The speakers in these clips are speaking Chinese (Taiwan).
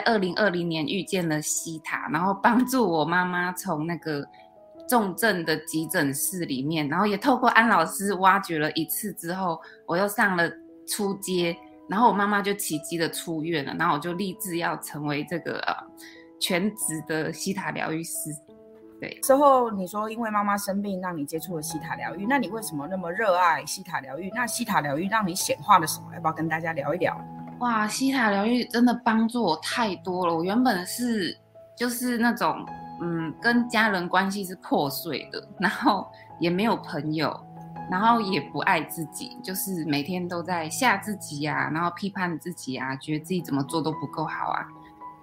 在二零二零年遇見了西塔，然後幫助我媽媽從那個重症的急診室裡面，然後也透過安老師挖掘了一次之後，我又上了初階，然後我媽媽就奇蹟地出院了，然後我就立志要成為這個、呃、全職的西塔療癒師。對，之後你說因為媽媽生病讓你接觸了西塔療癒，那你為什麼那麼熱愛西塔療癒？那西塔療癒讓你顯化了什麼？要不要跟大家聊一聊？哇，希塔療癒真的幫助我太多了。我原本是就是那種，嗯，跟家人關係是破碎的，然後也沒有朋友，然後也不愛自己，就是每天都在嚇自己啊，然後批判自己啊，覺得自己怎麼做都不夠好啊。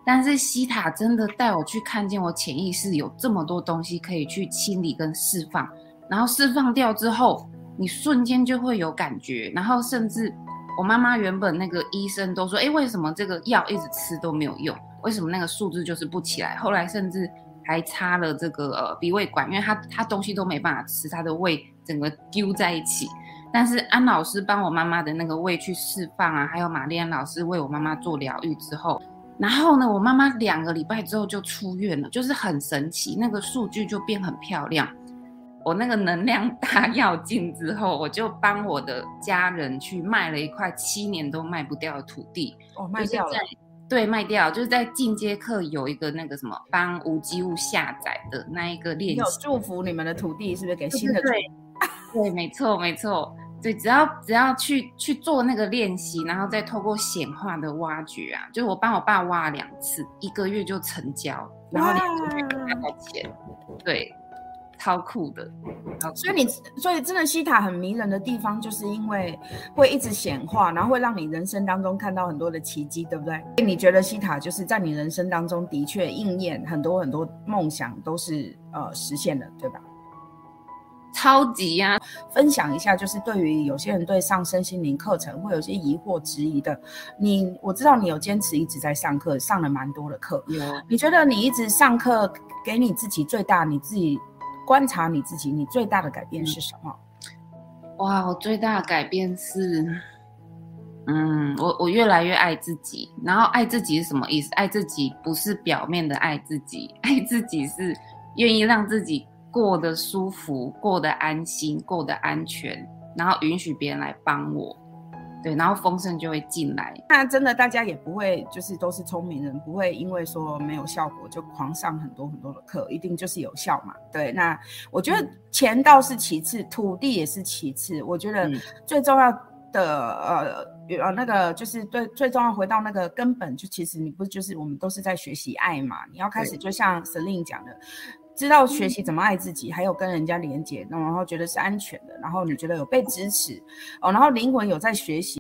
但是希塔真的帶我去看見我潛意識有這麼多東西可以去清理跟釋放，然後釋放掉之後，你瞬間就會有感覺，然後甚至。我媽媽原本那個醫生都說，誒，為什麼這個藥一直吃都沒有用？為什麼那個數字就是不起來？後來甚至還插了這個呃鼻胃管，因為她她東西都沒辦法吃，她的胃整個丟在一起。但是安老師幫我媽媽的那個胃去釋放啊，還有瑪麗安老師為我媽媽做療癒之後，然後呢，我媽媽兩個禮拜之後就出院了，就是很神奇，那個數據就變很漂亮。我那個能量大躍進之後，我就幫我的家人去賣了一塊七年都賣不掉的土地，哦，賣掉了，對，賣掉了，就是在進階課有一個那個什麼幫無機物下載的那一個練習，有祝福你們的土地是不是給新的土地？對， 對，沒錯，沒錯，對，只要只要去去做那個練習，然後再透過顯化的挖掘啊，就是我幫我爸挖了兩次，一個月就成交，哇然後兩個月拿到錢，對。超酷的，哦、所以你所以真的希塔很迷人的地方，就是因為會一直顯化，然後會讓你人生當中看到很多的奇蹟，對不對？你覺得希塔就是在你人生當中的確應驗很多很多夢想都是呃實現的，對吧？超級啊！分享一下，就是對於有些人對上身心靈課程會有些疑惑質疑的，你我知道你有堅持一直在上課，上了蠻多的課。嗯、你覺得你一直上課給你自己最大你自己。觀察你自己，你最大的改變是什麼？嗯、哇，我最大的改變是，嗯，我我越來越愛自己。然後愛自己是什麼意思？愛自己不是表面的愛自己，愛自己是願意讓自己過得舒服、過得安心、過得安全，然後允許別人來幫我。對，然後豐盛就會進來。那真的，大家也不會，就是都是聰明人，不會因為說沒有效果就狂上很多很多的課，一定就是有效嘛。對，那我覺得錢倒是其次，嗯、土地也是其次，我覺得最重要的、嗯、呃，呃，那個就是最最重要回到那個根本，就其實你不就是我們都是在學習愛嘛？你要開始，就像 Selina 講的。知道學習怎麼愛自己，還有跟人家連接，那然後覺得是安全的，然後你覺得有被支持哦，然後靈魂有在學習。